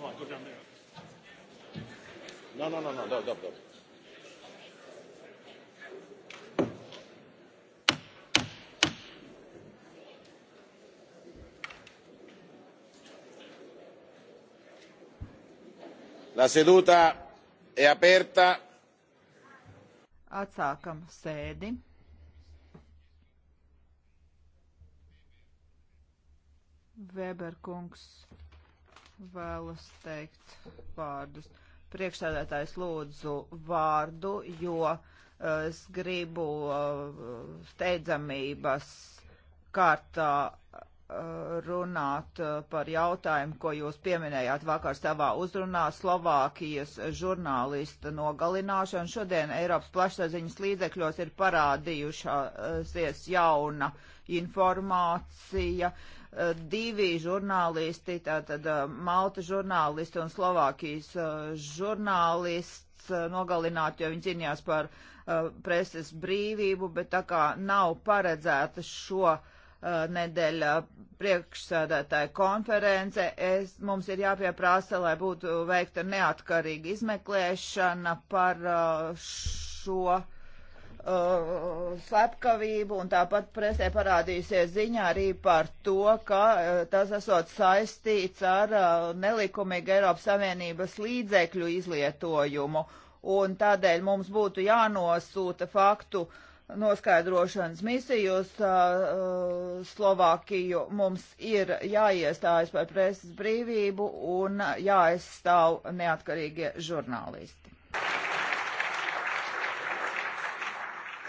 no, go down there. No, no, no, no, no, no, no. La seduta è aperta. Atsākam sēdi. Weber kungs vēlas teikt vārdus. Priekšsēdētājs lūdzu vārdu, jo eh, es gribu eh, steidzamības kārtā Eh, runāt eh, par jautājumu, ko jūs pieminējāt vakar savā uzrunā - Slovākijas žurnālista nogalināšana. Šodien Eiropas plašsaziņas līdzekļos ir parādījušās jauna informācija. Eh, divi žurnālisti, tātad Malta žurnālisti un Slovākijas žurnālists nogalināti, jo viņi cīnījās par preses brīvību, bet tā kā nav paredzēta šo Uh, nedēļa priekšsādātāja konference. Es, mums ir jāpieprasa, lai būtu veikta neatkarīga izmeklēšana par uh, šo uh, slepkavību, un tāpat presē parādīsies ziņā arī par to, ka uh, tas esot saistīts ar uh, nelikumīgu Eiropas Savienības līdzekļu izlietojumu, un tādēļ mums būtu jānosūta faktu uh, noskaidrošanas misiju uz uh, Slovākiju. Mums ir jāiestājas par preses brīvību un jāaizstāv neatkarīgie žurnālisti.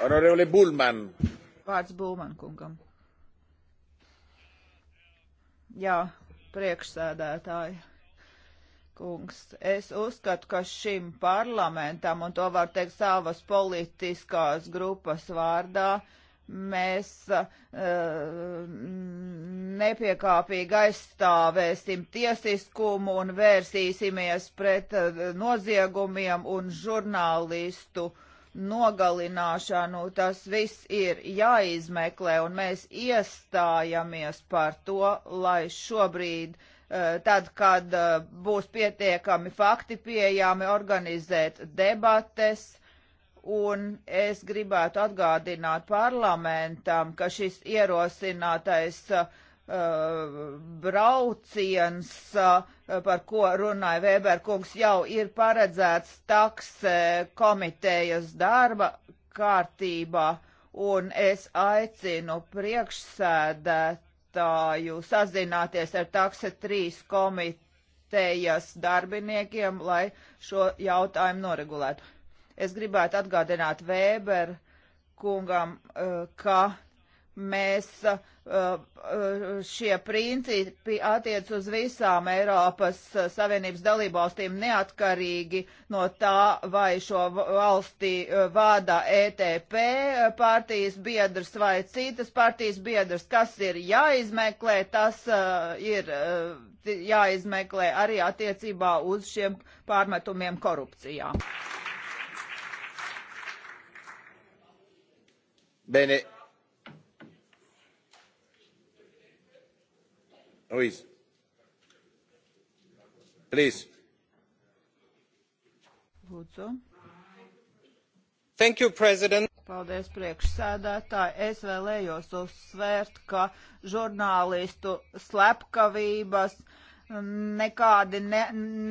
Honorevole Bulman. Vārds Bulman kungam. Jā, priekšsēdētāji kungs, es uzskatu, ka šim parlamentam, un to var teikt savas politiskās grupas vārdā, mēs uh, nepiekāpīgi aizstāvēsim tiesiskumu un vērsīsimies pret uh, noziegumiem un žurnālistu nogalināšanu. Tas viss ir jāizmeklē, un mēs iestājamies par to, lai šobrīd uh, Eh, tad, kad eh, būs pietiekami fakti pieejami, organizēt debates. Un es gribētu atgādināt parlamentam, ka šis ierosinātais uh, brauciens, uh, par ko runāja Vēberkungs, jau ir paredzēts takse komitejas darba kārtībā, un es aicinu priekšsēdēt jautāju sazināties ar takse 3 komitejas darbiniekiem, lai šo jautājumu noregulētu. Es gribētu atgādināt Vēber kungam, eh, ka mēs uh, uh, šie principi attiec uz visām Eiropas uh, Savienības dalībvalstīm neatkarīgi no tā, vai šo valsti vada ETP partijas biedrs vai citas partijas biedrs, kas ir jāizmeklē, tas ir jāizmeklē arī attiecībā uz šiem pārmetumiem korupcijā. Bene, Ruiz. Please. Lūdzu. Thank you, President. Paldies, priekšsēdētāji. Es vēlējos uzsvērt, ka žurnālistu slepkavības nekādi ne,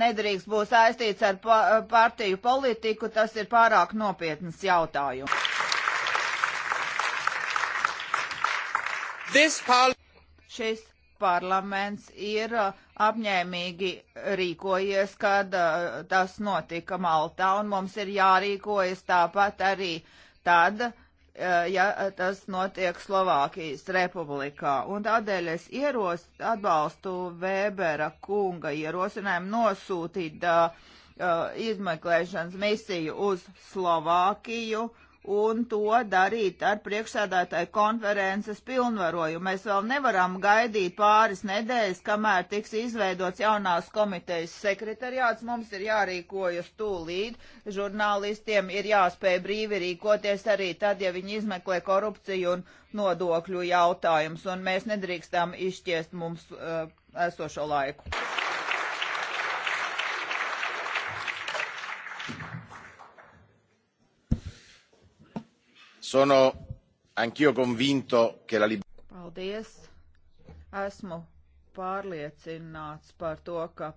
nedrīkst būt saistīts ar pa, partiju politiku, tas ir pārāk nopietnas jautājums. Šis parlaments ir uh, apņēmīgi rīkojies, kad uh, tas notika Maltā, un mums ir jārīkojas tāpat arī tad, uh, ja tas notiek Slovākijas republikā. Un tādēļ es ieros, atbalstu Vēbera kunga ierosinājumu nosūtīt uh, izmeklēšanas misiju uz Slovākiju un to darīt ar priekšsēdētāju konferences pilnvarojumu. Mēs vēl nevaram gaidīt pāris nedēļas, kamēr tiks izveidots jaunās komitejas sekretariāts. Mums ir jārīkojas tūlīt. Žurnālistiem ir jāspēj brīvi rīkoties arī tad, ja viņi izmeklē korupciju un nodokļu jautājumus, un mēs nedrīkstam izšķiest mums uh, esošo laiku. Sono anch'io convinto che la libertà. Paldies. Esmu pārliecināts par to, ka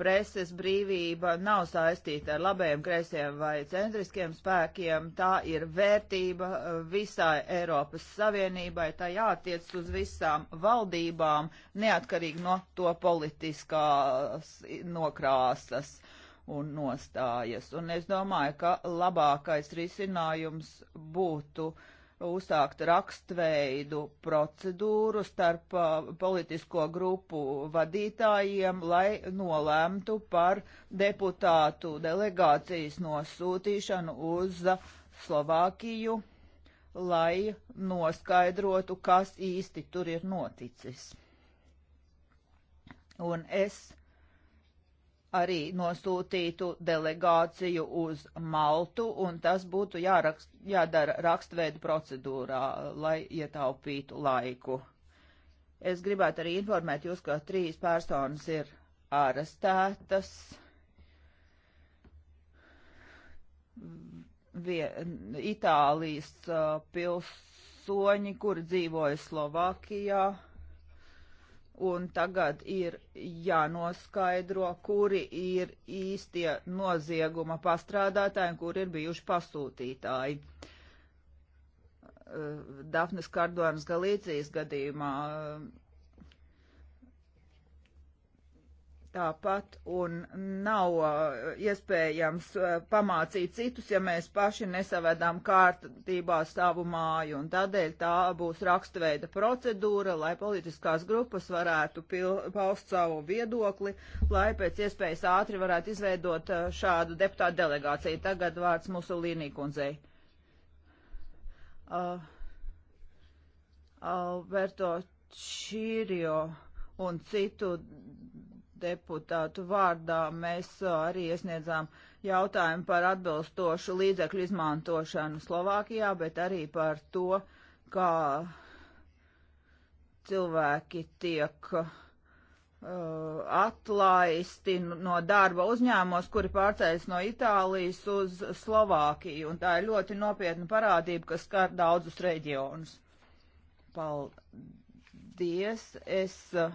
preses brīvība nav saistīta ar labējiem, kreisiem vai centriskiem spēkiem. Tā ir vērtība uh, visai Eiropas Savienībai. Tā jātiec uz visām valdībām, neatkarīgi no to politiskās nokrāsas. Uh, un nostājas. Un es domāju, ka labākais risinājums būtu uzsākt rakstveidu procedūru starp uh, politisko grupu vadītājiem, lai nolēmtu par deputātu delegācijas nosūtīšanu uz Slovākiju, lai noskaidrotu, kas īsti tur ir noticis. Un es arī nosūtītu delegāciju uz Maltu, un tas būtu jārakst, jādara rakstveidu procedūrā, lai ietaupītu laiku. Es gribētu arī informēt jūs, ka trīs personas ir arestētas. Vien, Itālijas uh, pilsoņi, kuri dzīvoja Slovākijā un tagad ir jānoskaidro, kuri ir īstie nozieguma pastrādātāji un kuri ir bijuši pasūtītāji. Uh, Dafnes Kardonas Galīcijas gadījumā tāpat un nav uh, iespējams uh, pamācīt citus, ja mēs paši nesavedām kārtībā savu māju. Un tādēļ tā būs rakstveida procedūra, lai politiskās grupas varētu paust savu viedokli, lai pēc iespējas ātri varētu izveidot uh, šādu deputātu delegāciju. Tagad vārds mūsu līnīkundzei. Uh, Alberto Čīrio un citu deputātu vārdā mēs uh, arī iesniedzām jautājumu par atbilstošu līdzekļu izmantošanu Slovākijā, bet arī par to, kā cilvēki tiek uh, atlaisti no darba uzņēmumos, kuri pārceļas no Itālijas uz Slovākiju. Un tā ir ļoti nopietna parādība, kas skar daudzus reģionus. Paldies! Es uh,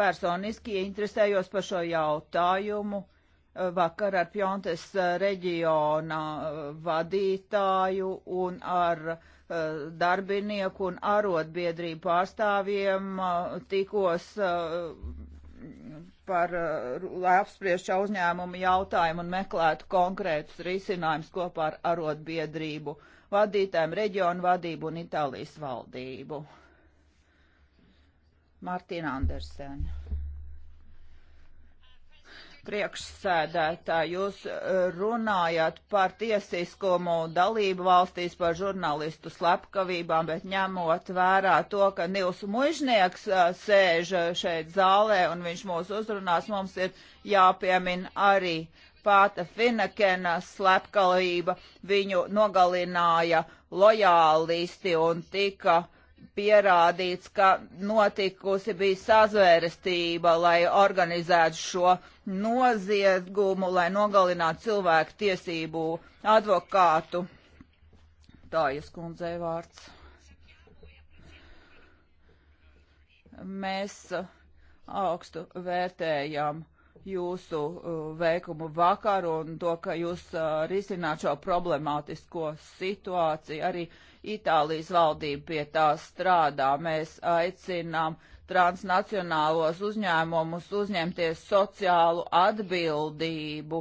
personiski interesējos par šo jautājumu eh, vakar ar Pjontes eh, reģiona eh, vadītāju un ar darbinieku un arotbiedrību pārstāvjiem tikos par, lai apspriež šo uzņēmumu jautājumu un meklētu konkrētus risinājumus kopā ar arotbiedrību vadītājiem, reģionu vadību un Itālijas valdību. Martina Andersena. Priekšsēdētā jūs eh, runājat par tiesiskumu dalību valstīs, par žurnālistu slepkavībām, bet ņemot vērā to, ka Nils Mužnieks eh, sēž eh, šeit zālē un viņš mūs uzrunās, mums ir jāpiemina arī pāta Finekena slepkavība. Viņu nogalināja lojālisti un tika uh, pierādīts, ka notikusi bija sazvērestība, lai organizētu šo noziegumu, lai nogalinātu cilvēku tiesību advokātu. Tā jūs kundzei vārds. Mēs uh, augstu vērtējam uh, jūsu uh, veikumu vakar un to, ka jūs uh, risināt šo problemātisko situāciju. Arī Itālijas valdība pie tā strādā. Mēs aicinām transnacionālos uzņēmumus uzņemties sociālu atbildību.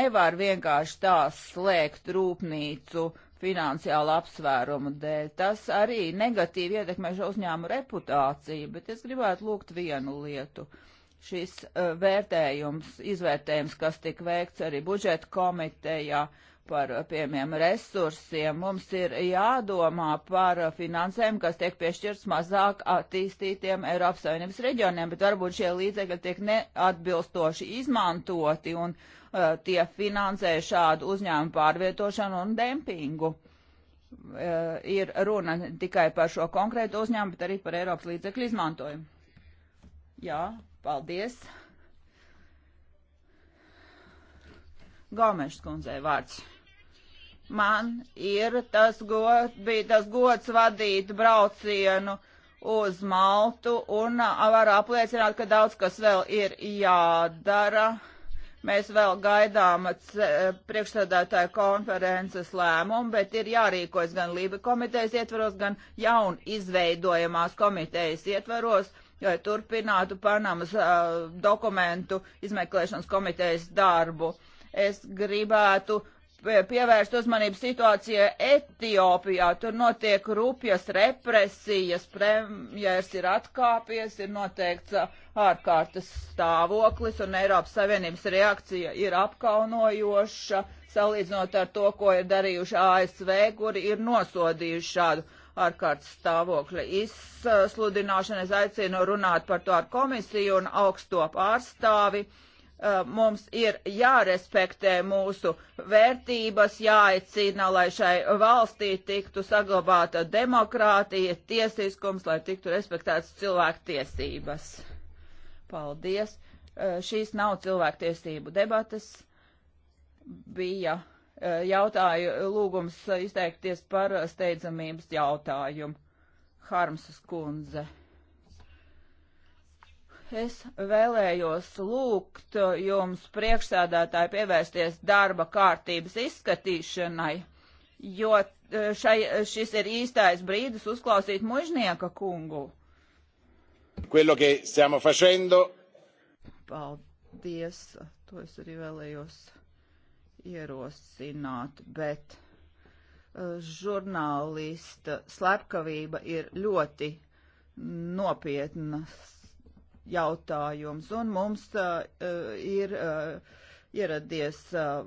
Nevar vienkārši tā slēgt rūpnīcu finansiālu apsvērumu dēļ. Tas arī negatīvi ietekmē šo uzņēmu reputāciju, bet es gribētu lūgt vienu lietu. Uh, šis e, vērtējums, izvērtējums, kas tika veikts arī budžeta komitejā par, e, piemēram, resursiem, mums ir jādomā par e, finansēm, kas tiek piešķirts mazāk attīstītiem Eiropas Savienības reģioniem, bet varbūt šie līdzekļi tiek neatbilstoši izmantoti un uh, tie finansē šādu uzņēmumu pārvietošanu un dempingu. Uh, ir runa tikai par šo konkrētu uzņēmumu, bet arī par Eiropas līdzekļu izmantojumu. Jā, Paldies! Gomešs kundzei vārds. Man ir tas gods, bija tas gods vadīt braucienu uz Maltu un var apliecināt, ka daudz kas vēl ir jādara. Mēs vēl gaidām priekšsēdētāju konferences lēmumu, bet ir jārīkojas gan Lība komitejas ietvaros, gan jaun izveidojamās komitejas ietvaros. Uh, jo ja turpinātu Panamas uh, dokumentu izmeklēšanas komitejas darbu. Es gribētu pievērst uzmanību situācijai Etiopijā. Tur notiek rupjas represijas, premjērs ir atkāpies, ir noteikts ārkārtas stāvoklis un Eiropas Savienības reakcija ir apkaunojoša, salīdzinot ar to, ko ir darījuši ASV, kuri ir nosodījuši šādu ārkārtas stāvokļa izsludināšanu. Es aicinu runāt par to ar komisiju un augsto pārstāvi. Uh, mums ir jārespektē mūsu vērtības, jāicina, lai šai valstī tiktu saglabāta demokrātija, tiesiskums, lai tiktu respektētas cilvēktiesības. Paldies! Uh, šīs nav cilvēktiesību debatas. Bija Eh, jautāju lūgums eh, izteikties par eh, steidzamības jautājumu. Harmsas kundze. Es vēlējos lūgt jums priekšsādātāji pievērsties darba kārtības izskatīšanai, jo šai, šis ir īstais brīdis uzklausīt mužnieka kungu. Quello che stiamo facendo. Paldies, to es arī vēlējos ierosināt, bet eh, žurnālista slepkavība ir ļoti nopietnas jautājums, un mums uh, ir uh, ieradies uh,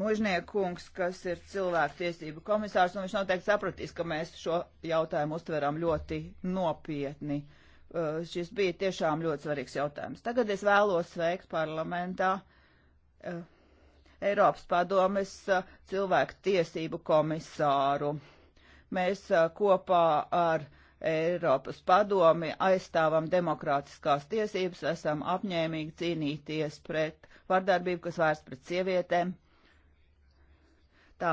mužniekungs, kas ir cilvēktiesību komisārs, un viņš noteikti sapratīs, ka mēs šo jautājumu uztveram ļoti nopietni. Uh, šis bija tiešām ļoti svarīgs jautājums. Tagad es vēlos sveikt parlamentā. Uh, Eiropas padomes cilvēku tiesību komisāru. Mēs kopā ar Eiropas padomi aizstāvam demokrātiskās tiesības, esam apņēmīgi cīnīties pret vardarbību, kas vērsts pret sievietēm,